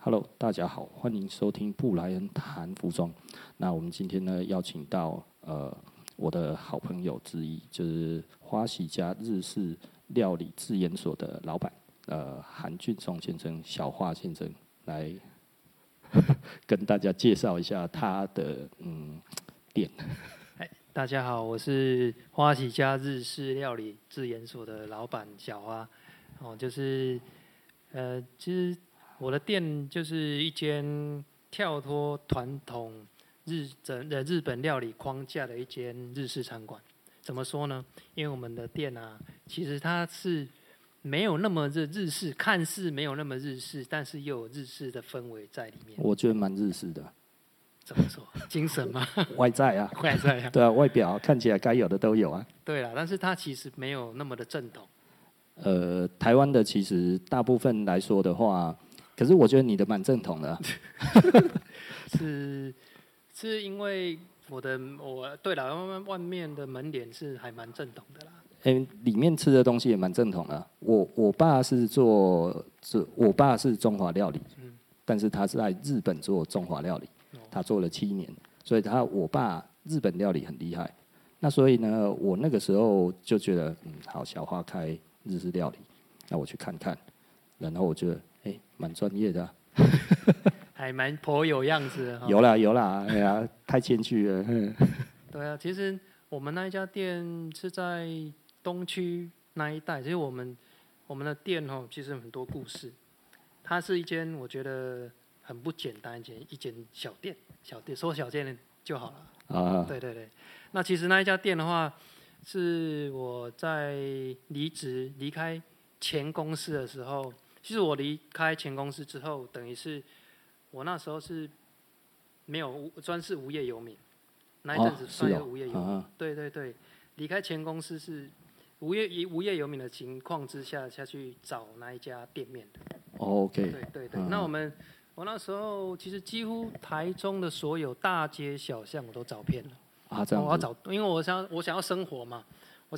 Hello，大家好，歡迎收聽布萊恩談服裝。那我們今天呢，邀請到呃我的好朋友之一，就是花囍家日式料理製研所的老闆，呃韓俊松先生，小花先生來 跟大家介紹一下他的嗯店。Hi，大家好，我是花囍家日式料理製研所的老闆小花。哦，就是呃其實，就是我的店就是一間跳脫傳統日整的日本料理框架的一間日式餐館。怎麼說呢？因為我們的店啊，其實它是沒有那麼日日式，看似沒有那麼日式，但是又有日式的氛圍在裡面。我覺得蠻日式的，怎麼說？精神嗎？外在啊，外在啊。對啊，外表看起來該有的都有啊。對啊，但是它其實沒有那麼的正統。呃，台灣的其實大部分來說的話。可是我覺得你的蠻正統的，啊 是，是是因為我的我對了，外面的門簾是還蠻正統的啦，欸。哎，裡面吃的東西也蠻正統的，啊。我我爸是做，是我爸是中華料理，嗯，但是他是在日本做中華料理，他做了七年，所以他我爸日本料理很厲害。那所以呢，我那個時候就覺得，嗯，好，小花開日式料理，那我去看看，然後我覺得。蠻、欸、專業的、啊， 還蠻頗有樣子的。有啦有啦，哎呀、啊， 太謙虛了。對啊，其實我們那一家店是在東區那一帶，其實我們我們的店哦，其實很多故事。它是一間我覺得很不簡單間一間小店，小店說小店就好了啊。對對對，那其實那一家店的話，是我在離職離開前公司的時候。其實我離開前公司之後，等於是我那時候是沒有專是無業遊民，那一陣子算是無業遊民。哦哦啊。對對對，離開前公司是無業無業遊民的情況之下，下去找那一家店面的。哦、OK。對對對，啊、那我們我那時候其實幾乎台中的所有大街小巷我都找遍了。啊，這樣子。我要找，因為我想我想要生活嘛。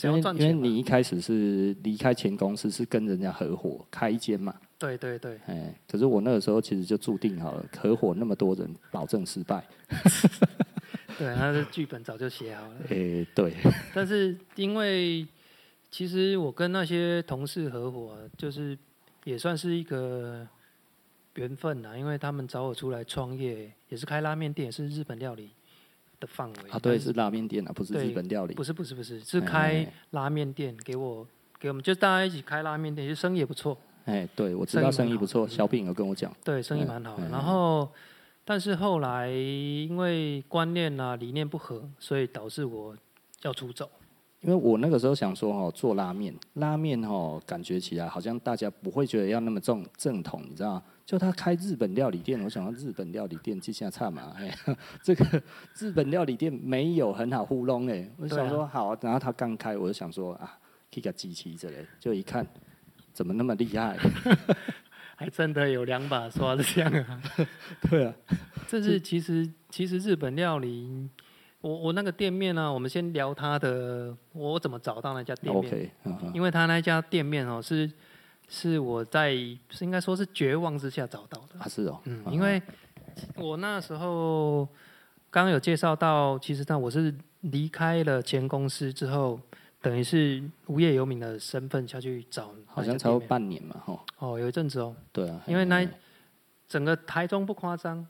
因因為你一開始是離開前公司，是跟人家合夥開一間嘛，對對對，哎、欸，可是我那個時候其實就注定好了，合夥那麼多人保證失敗， 對，他的劇本早就寫好了，哎、欸，對，但是因為其實我跟那些同事合夥、啊，就是也算是一個緣分吶、啊，因為他們找我出來創業，也是開拉麵店，是日本料理。的範圍啊，對，對，是拉麵店啊，不是日本料理，不是不是不是，是開拉麵店，給我、欸、給我們，就大家一起開拉麵店，就生意也不錯。哎、欸，對，我知道生意不錯，小品有跟我講，對，生意蠻好、欸。然後，但是後來因為觀念啊理念不合，所以導致我要出走。因為我那個時候想說哦、喔，做拉麵，拉麵哦、喔，感覺起來好像大家不會覺得要那麼正正統，你知道嗎？就他開日本料理店，我想到日本料理店績下差嘛，哎、欸，這個日本料理店沒有很好糊弄哎、欸啊，我想說好，然後他剛開，我就想說啊，這個機器、之類，就一看怎麼那麼厲害，還真的有兩把刷子這樣啊？對啊，這是其實其實日本料理。我我那個店面呢、啊？我們先聊他的，我怎麼找到那家店面？Okay, uh -huh. 因為他那家店面哦、喔，是是我在，是應該說是絕望之下找到的。啊，是哦，嗯，uh -huh. 因為我那時候剛剛有介紹到，其實他我是離開了前公司之後，等於是無業遊民的身份下去找。好像超過半年嘛，哦、喔，有一陣子哦、喔。對啊，因為那、uh -huh. 整個台中不誇張，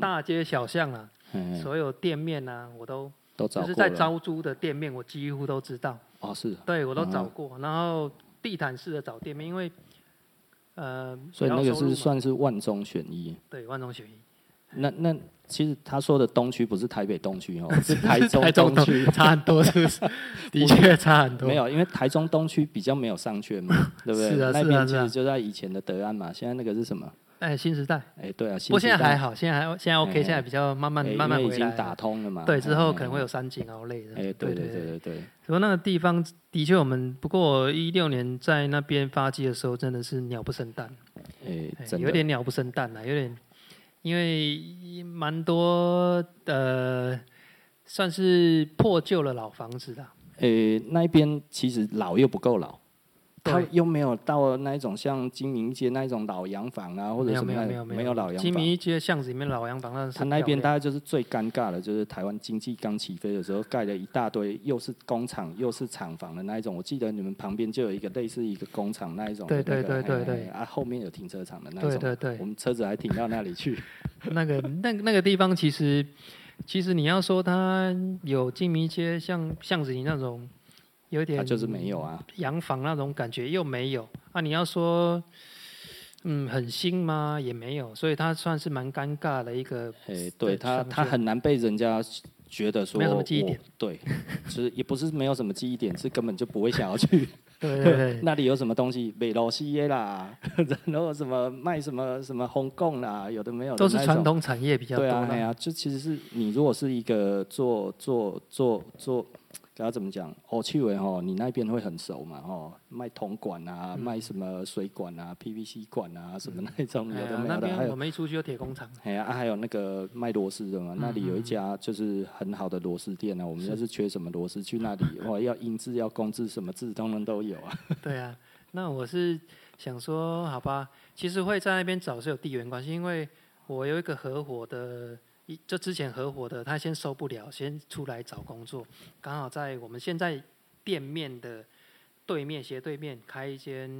大街小巷啊。Uh -huh. 所有店面呢、啊，我都都找，就是在招租的店面，我幾乎都知道。哦，是、啊，對我都找過、嗯。然後地毯式的找店面，因為呃，所以那個是算是萬中選一。對，萬中選一。那那其實他說的東區不是台北東區哦， 是台中東區， 差，很是是 差很多，是不是？的確差很多。沒有，因為台中東區比較沒有商圈嘛， 對不對？是啊，是啊，是。那邊其實就在以前的德安嘛，啊啊啊、現在那個是什麼？哎、欸，新時代！哎、欸，對啊新時代，不過現在還好，現在還現在 OK，、欸、現在比較慢慢慢慢、欸、已經打通了嘛？對，之後可能會有三井啊之類、欸、的。哎、欸，對對對對對。不過那個地方的確，我們不過一六年在那邊發跡的時候，真的是鳥不生蛋，哎、欸欸，有點鳥不生蛋啦，有點，因為蠻多呃，算是破舊了老房子的。哎、欸，那邊其實老又不夠老。他又沒有到那一種像精明一街那一種老洋房啊，或者是什麼？沒有沒有沒有，沒有老洋房。精明一街巷子裡面老洋房，那是他、啊、那邊大概就是最尷尬的，就是台灣經濟剛起飛的時候蓋了一大堆又，又是工廠又是廠房的那一種。我記得你們旁邊就有一個類似一個工廠那一種、那個，對對對對對，哎哎啊，後面有停車場的那種，對對對，我們車子還停到那裡去。對對對 那個那那個地方其實其實你要說它有精明一街像巷子裡那種。有點，他、啊、就是沒有啊，洋房那種感覺又沒有啊。你要說，嗯，很新嗎？也沒有，所以他算是蠻尷尬的一個。哎、hey，對，他，他很難被人家覺得說，沒有什麼記憶點。對， 就是也不是沒有什麼記憶點，是根本就不會想要去。 對對，對，對 那裡有什麼東西？美羅西耶啦， 然後什麼賣什麼什麼紅貢啦，有的沒有的。都是傳統產業比較多。對啊，這、啊、其實是你如果是一個做做做做。做做做要怎麼講？哦，去維、欸、哦，你那邊會很熟嘛？哦，賣銅管啊、嗯，賣什麼水管啊、PVC 管啊，什麼那種、嗯、有的沒的？哎、那我們一出去有鐵工廠。哎呀、啊，還有那個賣螺絲的嘛？那裡有一家就是很好的螺絲店呢、嗯。我們要是缺什麼螺絲，去那裡哦，要英制、要公制，什麼制當然都有啊。對啊，那我是想說，好吧，其實會在那邊找是有地緣關係，因為我有一個合夥的。一就之前合夥的，他先受不了，先出來找工作。剛好在我們現在店面的對面、斜對面開一間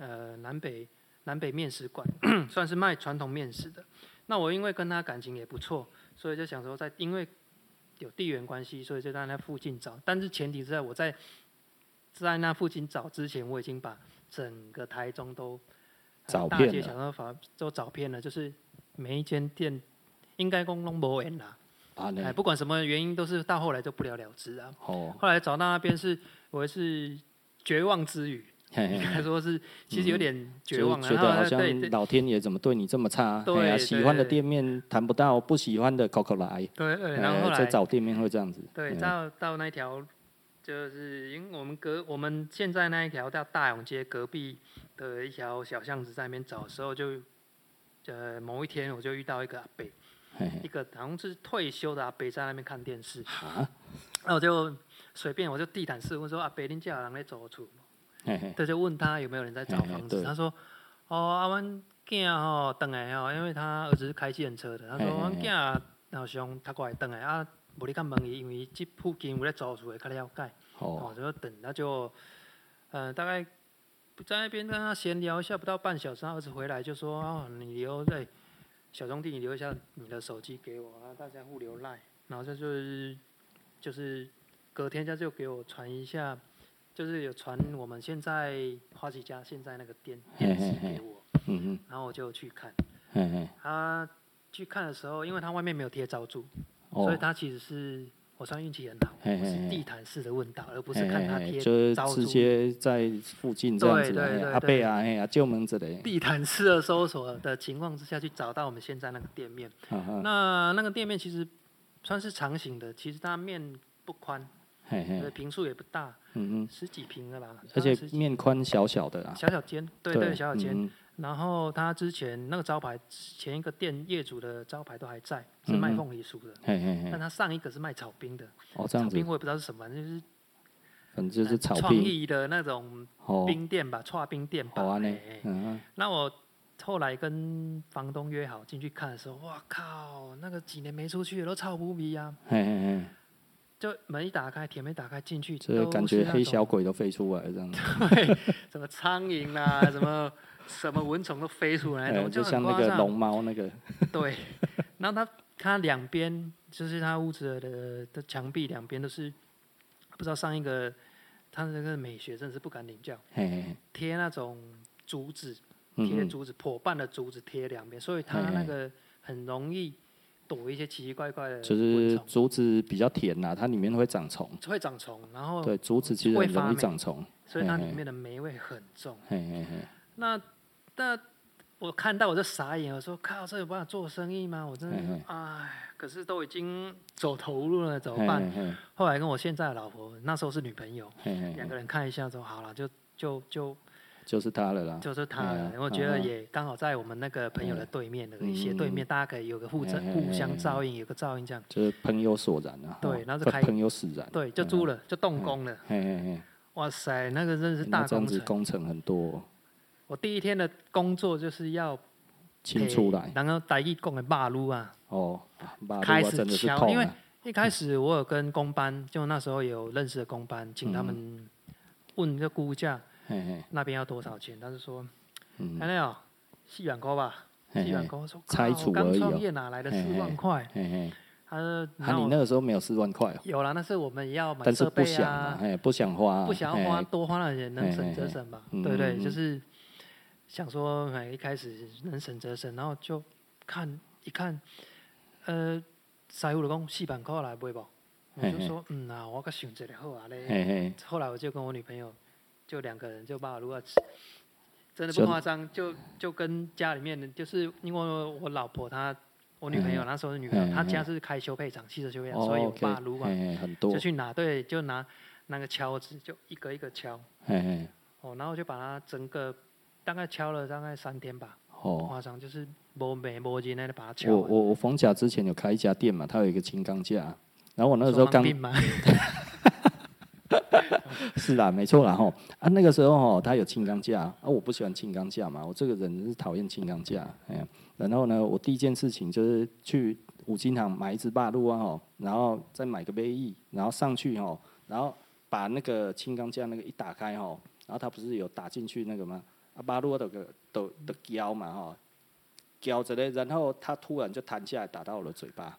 呃，南北、南北面食館， 算是賣傳統麵食的。那我因為跟他感情也不錯，所以就想說在，因為有地緣關係，所以就在那附近找。但是前提是在我在在那附近找之前，我已經把整個台中都、嗯、大街小巷都找遍了，就是每一間店。應該公龍波人啦，哎、啊，不管什麼原因，都是到後來就不了了之啊。哦、後來找到那邊是，我是絕望之語，嘿嘿應該說是、嗯，其實有點絕望啊。覺得好像老天爺怎麼對你這麼差？對，對啊對，喜歡的店面談不到，不喜歡的口口來。對然後後、呃、再找店面會這樣子。對，對對到到那條，就是因為我們隔我們現在那一條叫大勇街隔壁的一條小巷子在那邊找的時候，就呃某一天我就遇到一個阿伯。一個同子退休的阿伯在那邊看電視，然後就隨便我就地毯式問說：阿伯，恁家有人咧租厝？他就問他有沒有人在找房子，嘿嘿他說：哦、喔，阿文囝哦，等、喔、來哦、喔，因為他兒子是開計程車的嘿嘿嘿。他說：阮文囝好像他過來倒來啊，無你敢問伊，因為這附近有咧租厝會較了解。好，然後就等，那就呃大概在那邊跟他閒聊一下，不到半小時，他兒子回來就說：哦、喔，你以後再。欸小兄弟，你留一下你的手機給我啊，大家互留 line，然後就是，就是隔天他就給我傳一下，就是有傳我們現在花囍家現在那個店址，給我，嗯然後我就去看，嗯、啊、他去看的時候，因為他外面沒有貼招租，所以他其實是。我算運氣很好，我是地毯式的問到，嘿嘿嘿，而不是看他貼就直接在附近這樣子，對對對對阿貝啊，哎呀，舊門子的。地毯式的搜索的情況之下嘿嘿嘿，去找到我們現在那個店面嘿嘿，那那個店面其實算是長形的，其實它面不寬，平坪數也不大，嗯嗯，十幾坪的吧，而且面寬小小的啊，小小間，對對，對，小小間。嗯然後他之前那個招牌，前一個店業主的招牌都還在，嗯、是賣鳳梨酥的。嘿嘿嘿。但他上一個是賣炒冰的。哦，這樣子。炒冰我也不知道是什麼，是就是反正就是炒冰。創、呃、意的那種冰店吧，炒、哦、冰店吧、哦欸。好啊、嗯，那我後來跟房東約好進去看的時候，哇靠，那個幾年沒出去都臭無比呀。就門一打開，鐵門打開進去，就感覺黑小鬼都飛出來這樣子。對，什麼蒼蠅啊， 什麼。 什麼蚊蟲都飛出來， 就像那個龍貓那個。 對，然後它它兩邊就是它屋子的的牆壁兩邊都是不知道上一個，它那個美學真的是不敢領教。哎，貼那種竹子，貼竹子破、嗯嗯、半的竹子貼兩邊，所以它那個很容易躲一些奇奇怪怪的。就是竹子比較甜吶、啊，它裡面會長蟲。會長蟲，然後對竹子其實很容易長蟲，所以它裡面的黴味很重。嘿嘿嘿，嘿，那。但我看到我就傻眼，我說靠，這有辦法做生意嗎？我真的，哎，可是都已經走投無路了，怎麼辦嘿嘿嘿。後來跟我現在的老婆，那時候是女朋友，兩個人看一下就好了，就就就就是他了啦。就是他了、啊，我覺得也剛好在我們那個朋友的對面的一些對面嘿嘿，大家可以有個互相互相照應，有個照應這樣。就是朋友所然啊。對，那就開始朋友使然。對，就租了，嘿嘿就動工了嘿嘿嘿。哇塞，那個真的是大工程，子工程很多、哦。我第一天的工作就是要請出來，然後帶一公的馬路啊。哦，開始敲，的因為一開始我有跟工班，就那時候有認識的工班，請他們問個估價，那邊要多少錢？他是說，哎呀、喔，四萬塊吧。四萬塊說，拆除剛創業哪來的四萬塊？他說，那你那個時候沒有四萬塊？有了，那是我們要買設備啊。但是不想，哎，不想花，不想花多花了錢，能省則省吧，對不對？就是。想說，哎、嗯，一開始能省則省，然後就看一看，呃，師傅的工，四百塊來買不？我就說，嘿嘿嗯吶、啊，我要去選擇的好啊嘞。後來我就跟我女朋友，就兩個人就把子，就爸爸如果真的不誇張，就就，就跟家裡面，就是因為我老婆她，我女朋友嘿嘿那時候是女朋友，嘿嘿她家是開修配廠，汽車修配廠，哦，所以我爸如果就去拿，對，就拿那個敲子，就一個一個敲。哦、喔，然後就把它整個。大概敲了大概三天吧，誇張就是無賣無錢那個把它敲，哦，我我我逢甲之前有開一家店嘛，他有一個輕鋼架，然後我那個時候剛 是啦，沒錯啦吼啊，那個時候吼他有輕鋼架啊，我不喜歡輕鋼架嘛，我這個人是討厭輕鋼架哎，欸。然後呢，我第一件事情就是去五金行買一支霸鹿啊吼，然後再買個杯翼，然後上去吼，然後把那個輕鋼架那個一打開吼，然後他不是有打進去那個嗎？啊，八路我都都都咬嘛吼，咬着呢。然後他突然就彈下來打到我的嘴巴，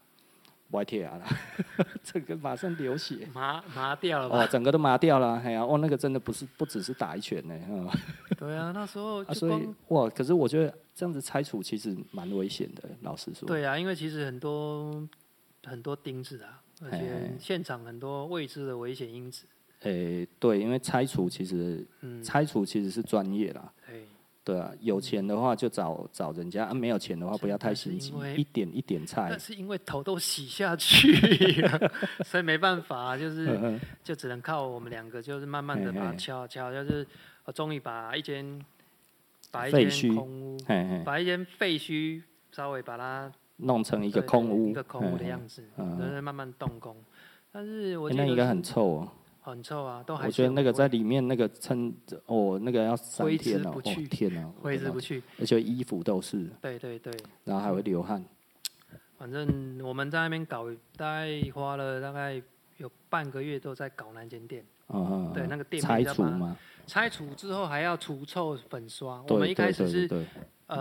歪鐵啊啦，這個馬上流血，麻麻掉了吧、哦？整個都麻掉了，哎呀、啊，哇、哦，那個真的不是不只是打一拳呢、哦，對啊，那時候、啊、所以哇，可是我覺得這樣子拆除其實蠻危險的，老實說，對啊，因為其實很多很多釘子啊，而且現場很多未知的危險因子。嘿嘿誒、hey，對，因為拆除其實，嗯、拆除其實是專業啦。對，對啊，有錢的話就找、嗯、找人家，啊，沒有錢的話不要太心急。一點一點拆，那是因為頭都洗下去了， 所以沒辦法、啊，就是、嗯、就只能靠我們兩個，就是慢慢的把它敲嘿嘿敲，就是我終於把一間，把一間廢墟嘿嘿把一間廢墟稍微把它弄成一個空屋、嗯，一個空屋的樣子，然後、就是、慢慢動工、嗯。但是我覺得應、就、該、是、很臭哦、喔。很臭啊，都還我覺得那個在裡面那個撐，哦，那個要三天回哦，天哪，揮之不去，而且衣服都是，對對對，然後還會流汗。嗯、反正我們在那邊搞，大概花了大概有半個月都在搞那間店，啊、嗯、對那個店。拆除嗎？拆除之後還要除臭、粉刷，對對對對對對。我們一開始是。對。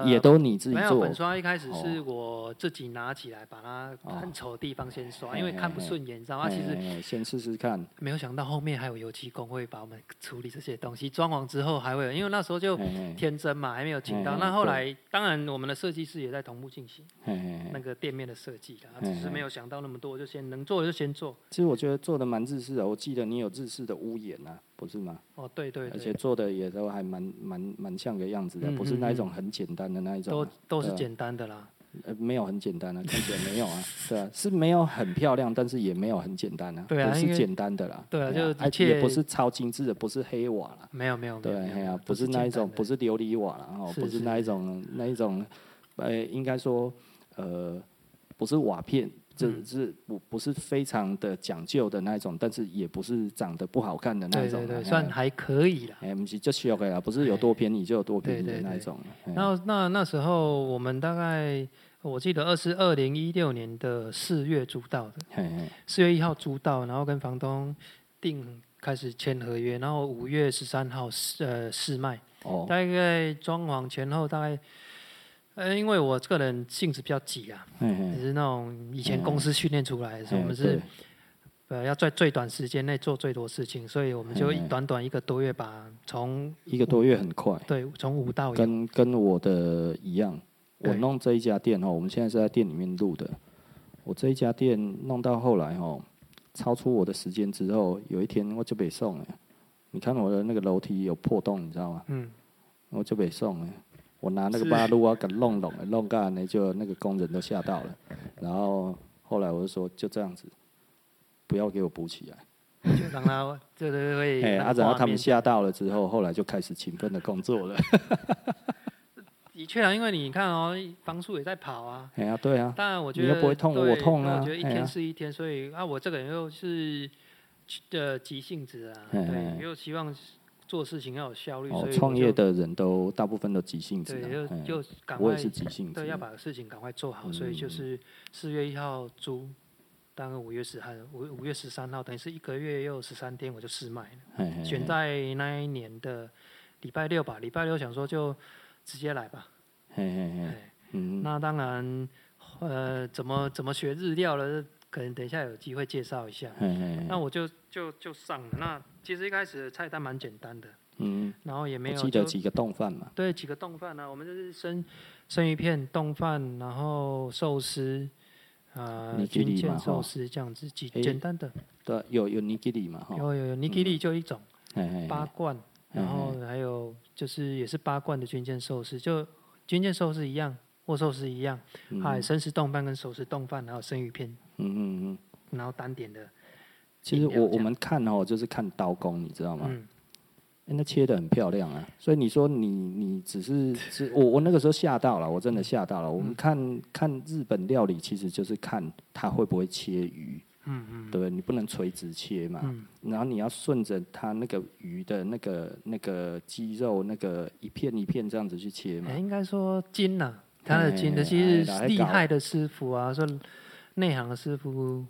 也都你自己做，呃、沒有粉刷，一開始是我自己拿起來，把它很醜的地方先刷，哦，因為看不順眼。嘿嘿嘿你知道嗎？其實先試試看，沒有想到後面還有油漆工會把我們處理這些東西。裝潢之後還會有，因為那時候就天真嘛，嘿嘿還沒有請到。那後來當然我們的設計師也在同步進行嘿嘿嘿那個店面的設計，只是沒有想到那麼多，就先能做就先做。其實我覺得做的蠻日式的，我記得你有日式的屋檐啊。不是嗎？哦，對，對對，而且做的也都還蠻蠻蠻像個樣子的嗯嗯嗯，不是那一種很簡單的那一種，啊，都都是簡單的啦，啊。呃，沒有很簡單啊， 看起來沒有啊，對啊，是沒有很漂亮，但是也沒有很簡單啊。對， 不是簡單的啦，對啊，對啊對啊，就而且也不是超精緻的，不是黑瓦啦。沒有沒有，對，哎呀，啊，不是那一種，就是，不是琉璃瓦啦。哦，不是那一種那一種，呃，應該說呃，不是瓦片。就是不不是非常的講究的那一種，但是也不是長得不好看的那種。嗯，的那種對，對，對、啊，算還可以了。哎、啊，不是就 OK 了，不是有多便宜就有多便宜的那種。對對對對對對對，然後那那時候我們大概我記得是二零一六年的四月租到的，四月一號租到，然後跟房東定開始簽合約，然後五月十三號試呃試賣，對對對，大概裝潢前後大概。呃，因為我這個人性子比較急啊，就是那種以前公司訓練出來的時候，嘿嘿，所以我們是呃要在最短時間內做最多事情，嘿嘿，所以我們就短短一個多月吧，從一個多月很快對，從五到一跟跟我的一樣，我弄這一家店哦，我們現在是在店裡面錄的，我這一家店弄到後來哦，超出我的時間之後，有一天我就被送了，你看我的那個樓梯有破洞，你知道嗎？嗯，我就被送了。我拿那個八路啊，給弄弄，弄幹呢，就那個工人都嚇到了。然後後來我就說，就這樣子，不要給我補起來。就讓他就是會。哎，然後 他、啊、他們嚇到了之後，後來就開始勤奮的工作了。你確啊，因為你看哦，方叔也在跑啊。哎呀，對啊。當然，我覺得對。你又不會痛我痛啊。我覺得一天是一天，啊哎、所以啊，我這個人又是的急性子啊，對，哎哎又希望。做事情要有效率，哦、所以創業的人都大部分都急性子，啊。對，就就趕快。我也是急性子。對，要把事情趕快做好，所以就是四月一號租，大概五月十號，五五月十三號，等於是一個月又十三天，我就試賣了嘿嘿嘿。選在那一年的禮拜六吧，禮拜六想說就直接來吧。嘿嘿嘿嗯、那當然，呃，怎麼怎麼學日料了？可能等一下有機會介紹一下嘿嘿。那我就就就上了。那其實一開始的菜單蠻簡單的，嗯，然後也沒有記得幾個丼飯嘛。對，幾個丼飯呢？我們就是生生魚片、丼飯，然後壽司，啊、呃，軍艦壽司這樣子，幾簡單的。欸、對、啊，有有尼吉利嘛？哈。有有尼吉利就一種、嗯嘿嘿，八貫。然後還有就是也是八貫的軍艦壽司，就軍艦壽司一樣。握壽司一樣，還、嗯、有生食丼飯、跟熟食丼飯，然後生魚片，嗯嗯嗯，然後單點的。其實我我們看哦，就是看刀工，你知道嗎？嗯、欸、那切得很漂亮啊。所以你說你你只是，只是我我那個時候嚇到了，我真的嚇到了，嗯。我們看看日本料理，其實就是看它會不會切魚。嗯嗯，對不對？你不能垂直切嘛，嗯、然後你要順着它那個魚的那個那個肌肉，那個一片一片這樣子去切嘛。欸、應該說筋吶。他的金的其實厲害的師傅啊，說內行的師傅，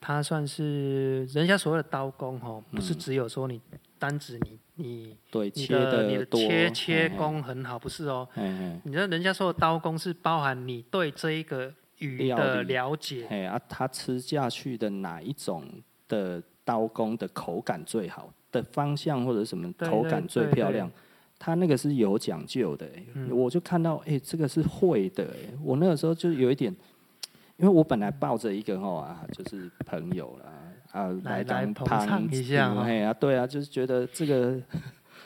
他算是人家所謂的刀工哈、喔嗯，不是只有說你單指你你對你的切的你的切切工很好，嘿嘿不是哦、喔。嗯嗯，你知道人家說的刀工是包含你對這一個魚的了解。哎啊，他吃下去的哪一種的刀工的口感最好的方向或者什麼口感最漂亮？對對對他那個是有講究的、欸，嗯、我就看到，哎、欸，這個是會的、欸，我那個時候就有一點，因為我本來抱着一個哦啊，就是朋友啦啊，來當捧場一下、哦，啊、嗯，對啊，就是覺得這個，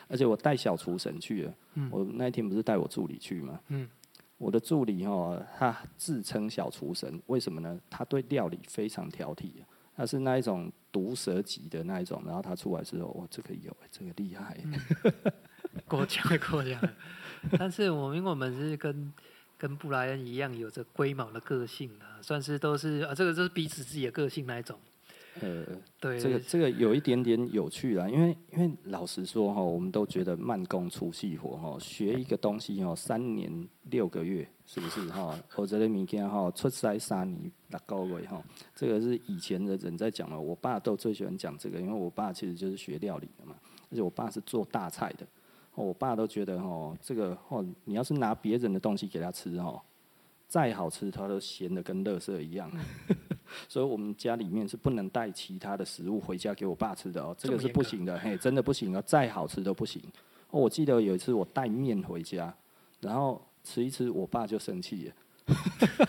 而且我帶小廚神去了，嗯、我那天不是帶我助理去嗎？嗯，我的助理哦，他自稱小廚神，為什麼呢？他對料理非常挑剔，他是那一種毒舌級的那一種，然後他出來之後，哇，這個有、欸，這個厲害、欸。嗯 講過這樣的，但是我們因為我們是跟跟布萊恩一樣有着龜毛的個性啊，算是都是啊，這個就是彼此自己的個性那一種。呃，對，這個這個有一點點有趣啦，因為因為老實說哈，我們都覺得慢工出細活哈，學一個東西哈，三年六個月是不是哈？或者明天哈，出差三年六個月哈，這個是以前的人在講的。我爸都最喜歡講這個，因為我爸其實就是學料理的嘛，而且我爸是做大菜的。我爸都覺得哦，這個哦，你要是拿別人的東西給他吃哦，再好吃他都嫌得跟垃圾一樣，所以我們家裡面是不能帶其他的食物回家給我爸吃的哦，這個是不行的，嘿，真的不行啊，再好吃都不行。我記得有一次我帶麵回家，然後吃一吃，我爸就生氣了，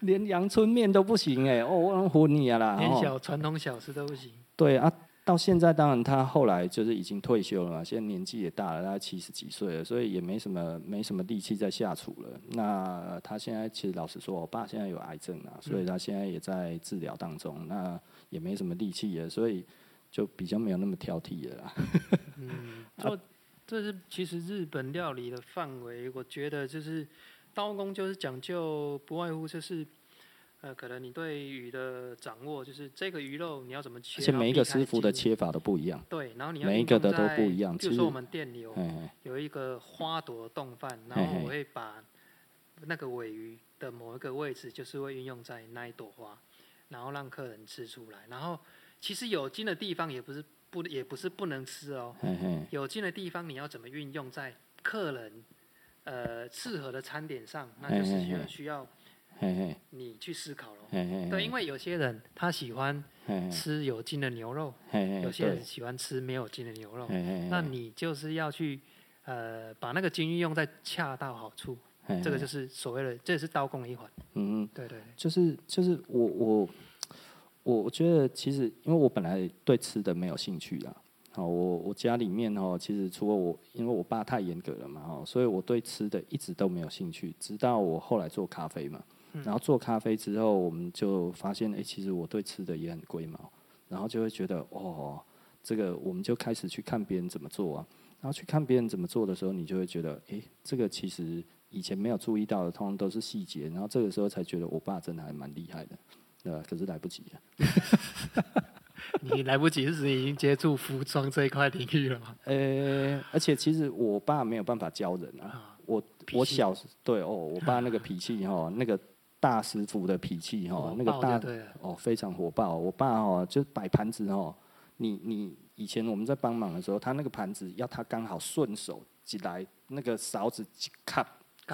連陽春麵都不行哎，哦，唬你啦，連小傳統小吃都不行。對啊。到現在，當然他後來就是已經退休了嘛，現在年紀也大了，大概七十幾歲了，所以也沒什麼沒什麼力氣再下廚了。那他現在其實老實說，我爸現在有癌症啊，所以他現在也在治療當中、嗯，那也沒什麼力氣了，所以就比較沒有那麼挑剔了啦。 嗯，做這是其實日本料理的範圍，我覺得就是刀工就是講究，不外乎就是。呃，可能你對魚的掌握，就是這個魚肉你要怎麼切？而且每一個師傅的切法都不一樣。對，然後你要運用在，每一個的都不一樣，就說我們店裡哦，有一個花朵凍飯，然後我會把那個鮪魚的某一個位置，就是會運用在那一朵花，然後讓客人吃出來。然後其實有筋的地方也不是不也不是不能吃哦，嘿嘿，有筋的地方你要怎麼運用在客人呃適合的餐點上，那就是需要需要你去思考了。對，因為有些人他喜歡，吃有筋的牛肉，有些人喜歡吃沒有筋的牛肉，那你就是要去，呃，把那個筋用在恰到好處，這個就是所謂的，這是刀工一環。嗯嗯，對對，對、嗯，就是就是我我我我覺得其實因為我本來對吃的沒有興趣啊。我我家裡面哦，其實除了我因為我爸太嚴格了嘛，哦，所以我對吃的一直都沒有興趣，直到我後來做咖啡嘛。嗯、然後做咖啡之後，我們就發現，哎、欸，其實我對吃的也很龜毛，然後就會覺得，哦，這個我們就開始去看別人怎麼做啊。然後去看別人怎麼做的時候，你就會覺得，哎、欸，這個其實以前沒有注意到的，通常都是細節。然後這個時候才覺得，我爸真的還蠻厲害的，呃，可是來不及了。 你來不及，是你已經接觸服裝這一塊領域了嗎？呃、欸，而且其實我爸沒有辦法教人啊。啊我我小對哦，我爸那個脾氣哈，那個。大師傅的脾氣哈，那個大哦，對哦，非常火爆。我爸哦，就擺盤子哦，你你以前我們在幫忙的時候，他那個盤子要他剛好順手進來，那個勺子 cup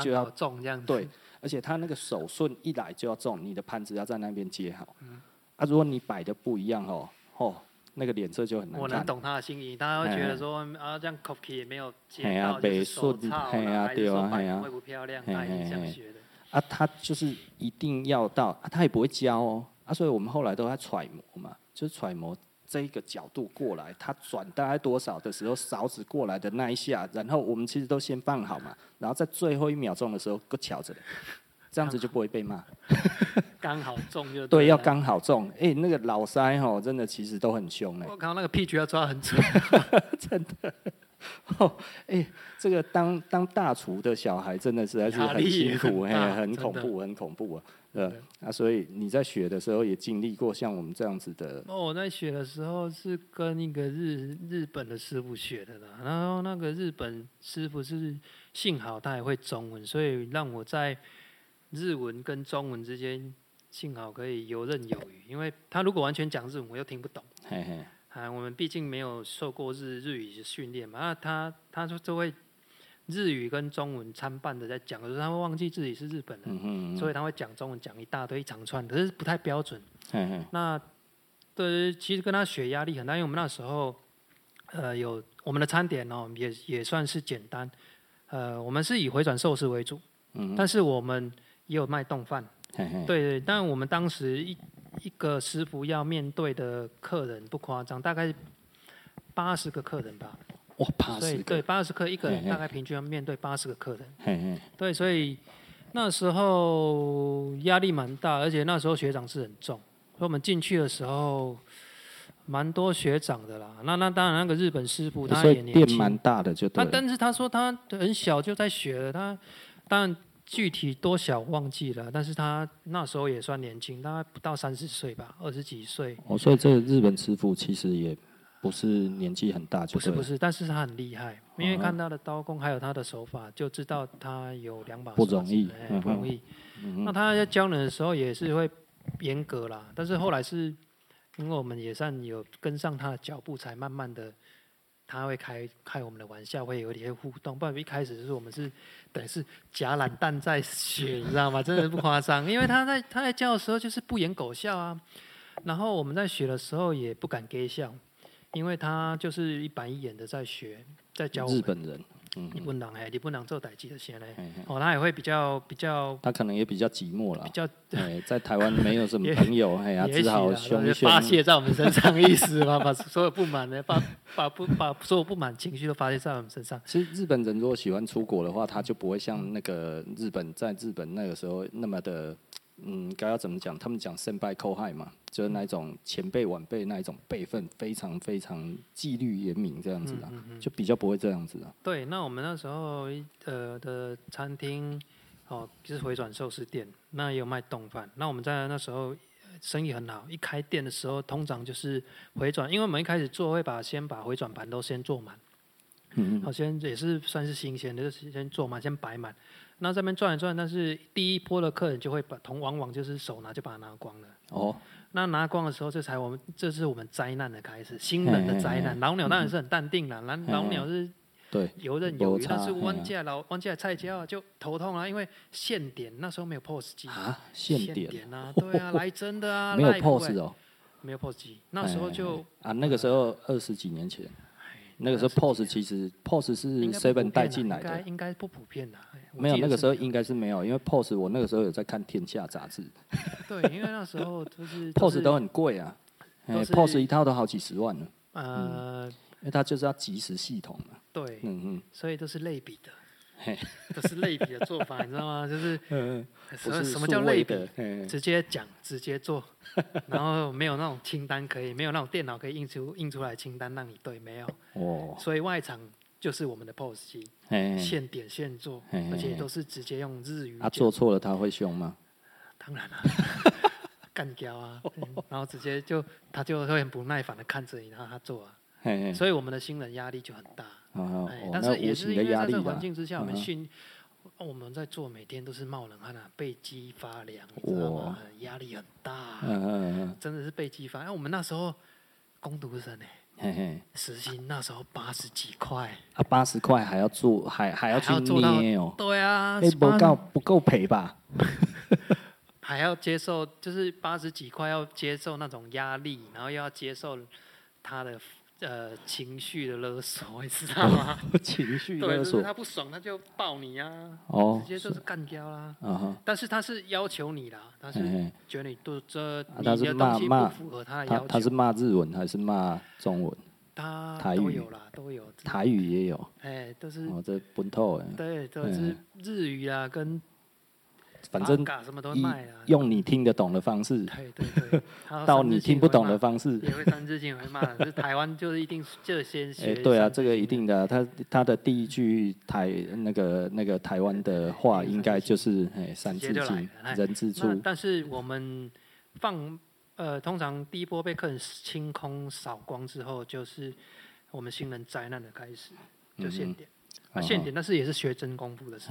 就要重這樣。對，而且他那個手順一來就要重，你的盤子要在那邊接好。嗯。啊，如果你擺的不一樣哦，哦，那個臉色就很難看。我能懂他的心意，大家會覺得說，哎、啊，這樣 cookie 也沒有接好，哎，就是手糙，然後擺的手擺會不漂亮，大家也啊，他就是一定要到，啊，他也不會教哦。啊，所以我們後來都在揣摩嘛，就是揣摩這一個角度過來，他轉大概多少的時候，勺子過來的那一下，然後我們其實都先放好嘛，然後在最後一秒鐘的時候，擱巧着，這樣子就不會被罵。剛好， 剛好中就對，對，要剛好中。哎，欸，那個老塞哈，真的其實都很凶哎，欸。我靠，那個屁股要抓很 真的。哦，哎、欸，這個當當大廚的小孩真的是還是很辛苦，哎、啊啊，很恐怖，很恐怖啊，呃，那、啊、所以你在學的時候也經歷過像我們這樣子的？哦，我在學的時候是跟一個日日本的師傅學的啦，然後那個日本師傅是幸好他也會中文，所以讓我在日文跟中文之間幸好可以游刃有餘，因為他如果完全講日文，我又聽不懂。嘿嘿。啊，我們畢竟沒有受過日日語訓練嘛。那他他說這位日語跟中文參半的在講的時候，他會忘記自己是日本人，嗯哼嗯哼，所以他會講中文講一大堆一長串，可是不太標準。嘿嘿，那對，其實跟他學壓力很大，因為我們那時候呃有我們的餐點哦，也也算是簡單。呃，我們是以回轉壽司為主，嗯、但是我們也有賣丼飯。對對，但我們當時一。一個師傅要面對的客人不誇張，大概八十個客人吧。哇，八十對，八十個，一個人大概平均要面對八十個客人。嗯嗯。對，所以那時候壓力蠻大，而且那時候學長是很重。所以我們進去的時候，蠻多學長的啦。那那當然，那個日本師傅他也年紀蠻大的就，就他但是他說他很小就在學他，但。具體多少忘記了，但是他那時候也算年輕，大概不到三十歲吧，二十幾歲。哦，所以這個日本師傅其實也不是年紀很大就，就是不是不是，但是他很厲害，因為看他的刀工還有他的手法，嗯、就知道他有兩把刷子。不容易，不容易。那他在教人的時候也是會嚴格啦，但是後來是，因為我們也算有跟上他的腳步，才慢慢的。他會開開我們的玩笑，會有一些互動。不然一開始就是我們是等於是夾懶蛋在學，你知道嗎？真的不誇張，因為他在他在教的時候就是不演狗笑啊。然後我們在學的時候也不敢給笑，因為他就是一板一眼的在學，在教我們日本人。你不能哎，你不能做代誌的銜接，哦、喔，他也會比較比較，他可能也比較寂寞了，比較對，在台灣沒有什麼朋友哎呀，他只好宣發洩在我們身上，意思嘛， 把所有不滿的發，把不把所有不滿情緒都發洩在我們身上。其實日本人如果喜歡出國的話，他就不會像那個日本在日本那個時候那麼的。嗯，該要怎麼講？他們講先輩後輩嘛，就是那種前輩晚輩那一種輩分非常非常紀律嚴明這樣子的、啊，就比較不會這樣子的、啊嗯嗯嗯。對，那我們那時候呃的餐廳哦，就是回轉壽司店，那也有賣丼飯。那我們在那時候、呃、生意很好，一開店的時候，通常就是回轉，因為我們一開始做會把先把回轉盤都先做滿、嗯，嗯，先也是算是新鮮的，就先做滿，先擺滿。那這邊轉一轉，但是第一波的客人就會把，銅往往就是手拿就把它拿光了。哦、oh.。那拿光的時候，這才我們這是我們災難的開始，新人的災難嘿嘿嘿。老鳥當然是很淡定的，老嘿嘿老鳥是。對。游刃有餘。但是灣家的嘿嘿老灣家的菜椒就頭痛啊，因為現點那時候沒有 POS 機啊，現點，點啊，對啊，來真的啊，呵呵 Live, 沒有 POS 哦、喔欸，沒有 POS 機，那時候就嘿嘿啊，那個時候二十、呃、幾年前。那個時候 POS 其實 POS 是 Seven 帶進來的，應該不普遍的。遍沒有那個時候應該是沒有，因為 POS 我那個時候有在看天下雜誌。對，因為那時候就是 POS 都、是都很貴啊，哎，POS 一套都好幾十萬呢。呃、嗯，因為它就是要即時系統嘛。對。嗯嗯，所以都是類比的。嘿，都是類比的做法， 你知道嗎？就是什麼什麼叫類比？的嘿嘿直接講，直接做，然後沒有那種清單可以，沒有那種電腦可以印出印出來清單讓你對，沒有。哦，所以外場就是我們的 POS 機，嘿嘿現點現做，嘿嘿嘿而且都是直接用日語。他做錯了，他會兇嗎？當然了、啊，幹 掉啊、哦嗯！然後直接就他就會很不耐煩的看着你讓他做啊。嘿嘿所以我們的新人壓力就很大。啊， 但是也是因為在這個環境之下，我們訓，我們在做，每天都是冒冷汗啊，背脊發涼，知道嗎？壓力很大，嗯嗯嗯，真的是背脊發涼。哎，我們那時候工讀生呢，實習那時候八十幾塊，啊，八十塊還要做，還還要去捏哦，對啊，不夠不夠賠吧？還要接受，就是八十幾塊要接受那種壓力，然後又要接受他的。呃，情緒的勒索，你知道嗎？哦、情緒的勒索， 就是、他不爽他就抱你啊，哦、直接就是干掉啦、嗯。但是他是要求你啦他，嗯、是、嗯、覺得你都這、就是、你的東西不符合他的要求。他是罵日文還是罵中文？他台語都有啦，都有。台語也有。哎、欸、都、就是。我、哦、這本土對、都、就是日語啊、嗯，跟。反正用你聽得懂的方式對對對，到你聽不懂的方式，也會三字經也會，會罵，台灣就是一定這先寫。欸、對啊，這個一定的、啊，他他的第一句台那個那個台灣的話，應該就是哎三字經、就是欸、三字經人之初。但是我們放呃，通常，第一波被客人清空掃光之後，就是我們新人災難的開始，就先點。嗯嗯啊，現點，但是也是學真功夫的事。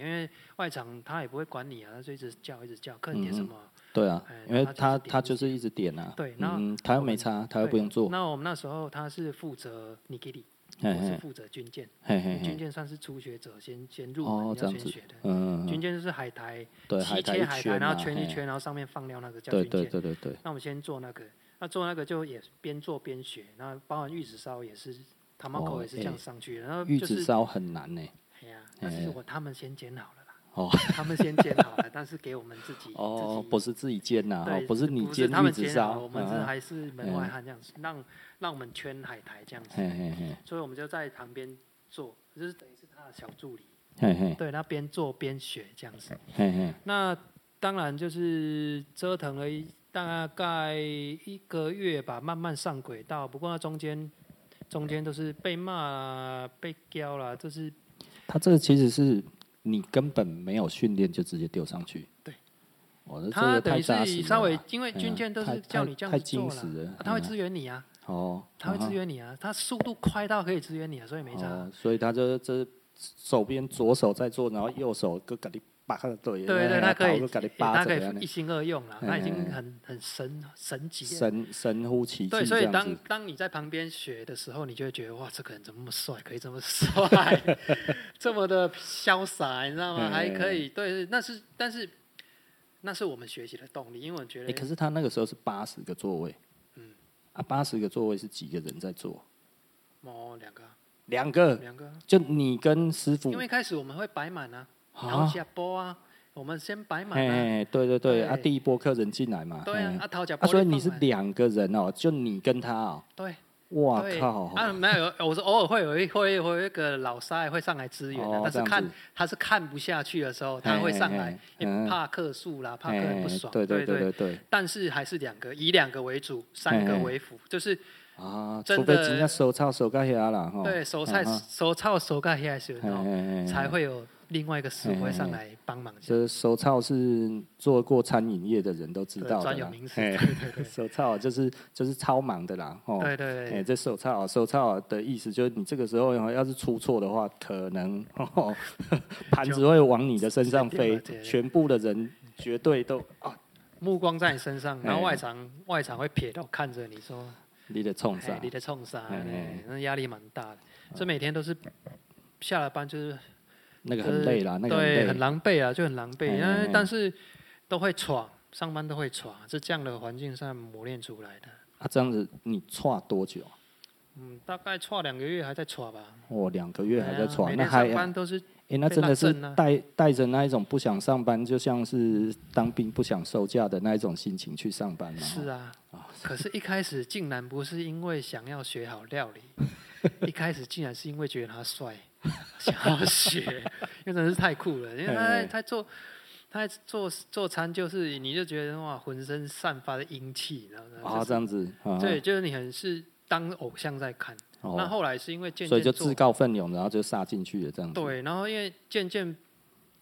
因為外場他也不會管你啊，他就一直叫，一直叫，客人點什麼？嗯、對啊、嗯，因為他他就，他就是一直點啊。對，那、嗯、他又沒差、嗯，他又不用做。那我們那時候他是負責 nigiri，我是負責軍艦。嘿嘿嘿軍艦算是初學者先，先先入門、哦、要先學的。這樣嗯軍艦就是海苔，對，切海苔、海苔、啊，然後圈一圈，然後上面放料那個叫軍艦。對對對對、對。那我們先做那個，那做那個就也邊做邊學，那包含玉子燒也是。塔馬口也是這樣上去，然、哦、後、欸就是、玉子燒很難呢。呀，但是我、欸、他們先煎好了啦。哦，他們先煎好了， 但是給我們自己哦自己，不是自己煎吶、啊，不是你煎玉子燒、啊，我們是還是門外漢這樣子，讓、欸、讓我們圈海苔這樣子。欸欸欸、所以我們就在旁邊做，就是等於是他的小助理。欸欸、對他邊做邊學這樣子、欸欸。那當然就是折騰了一大概一個月吧，慢慢上軌道。不過那中間。中間都是被罵被叼啦，就是。他這個其實是你根本沒有訓練就直接丟上去。對。他這個太紮實等於是稍微，因為軍艦都是叫你叫、啊、太驚死了、啊他啊嗯！他會支援你啊。哦。他會支援你啊！哦、他速度快到可以支援你啊，所以沒差、哦、所以他就這手邊左手在做，然後右手八個對，對，對對，他可以，他可以一心二用了，那已經很很神神，神奇。神神乎其技。對，所以當當你在旁邊學的時候，你就會覺得哇，這個人怎麼那麼帥，可以這麼帥， 這麼的瀟灑，你知道嗎？ 還可以，對，那是但是那是我們學習的動力，因為我覺得。欸，可是他那個時候是八十個座位，嗯，啊，八十個座位是幾個人在坐？哦，兩個，兩個，兩個，就你跟師傅。因為一開始我們會擺滿呢。好家波啊，我們先擺滿啊。哎，對對對，對啊，第一波客人進來嘛。對啊，阿頭家。啊波啊、所以你是兩個人哦，就你跟他哦。對，哇靠啊對！啊，沒有，我說偶爾會有一會會有一個老三會上來支援的，啊哦，但是看他是看不下去的時候，他會上來，也怕客訴啦嘿嘿，怕客人不爽嘿嘿，對對對對。對對對對。但是還是兩個，以兩個為主，三個為輔，就是啊，真的。收手收到遐啦，對，收菜收鈔收到遐是，才會有。另外一個師傅上來幫忙、欸。這是手套，是做過餐飲業的人都知道的，專有名詞、欸。手套就是就是超忙的啦。對對對。哎、欸，這手套手套的意思就是，你這個時候要是出錯的話，可能盤子會往你的身上飛。全部的人絕對都、啊、目光在你身上，然後外場、欸、外場會撇頭看着你說：“你的衝殺、欸，你的衝殺。欸”那、欸、壓力蠻大的。這、欸、每天都是下了班就是。那個很累啦，就是、那個對很狼狽啊，就很狼狽。因、哎哎哎、但是都會闖，上班都會闖，在這樣的環境下磨練出來的。啊，這樣子你闖多久、啊？嗯，大概闖兩個月，還在闖吧。哇，兩個月還在闖、哦哎，那還那上班都是、啊哎、那真的是帶帶着那一種不想上班，就像是當兵不想收假的那一種心情去上班嘛。是啊。啊、哦，可是，一開始竟然不是因為想要學好料理， 一開始竟然是因為覺得他帥。想 學，因為真的是太酷了，因為他他做他在做他在做，做餐就是，你就覺得哇，渾身散發着英氣，然後呢、就是啊，這樣子、啊，對，就是你很是當偶像在看，哦、那後來是因為漸漸，所以就自告奮勇，然後就殺進去了這樣子，對，然後因為漸漸。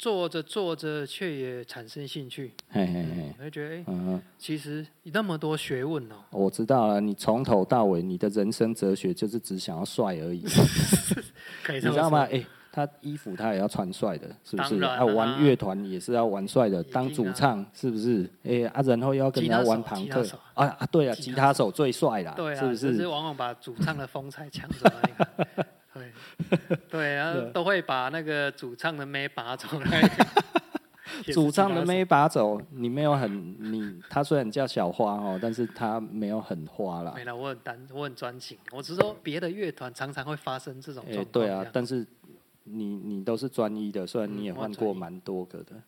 做着做着，卻也產生興趣。嘿嘿嘿，我、嗯、覺得、欸、嗯，其實你那麼多學問哦、喔。我知道了，你從頭到尾，你的人生哲學就是只想要帥而已、啊 帥。你知道嗎？哎、欸，他衣服他也要穿帥的，是不是？要、啊、玩樂團也是要玩帥的當、啊，當主唱是不是？哎、欸、啊，然後又要跟人家玩龐克啊啊，對啊，吉他手最帥啦，啦，是不是？其實往往把主唱的風采搶走了。 對，然後都會把那個主唱的妹拔走。 主唱的妹拔走，你沒有很你，他雖然叫小花哦，但是他沒有很花啦。沒了，我很單，我很專情。我只是說，別的樂團常常會發生這種狀況這樣子，欸、對啊，但是你你都是專一的，雖然你也換過蠻多個的。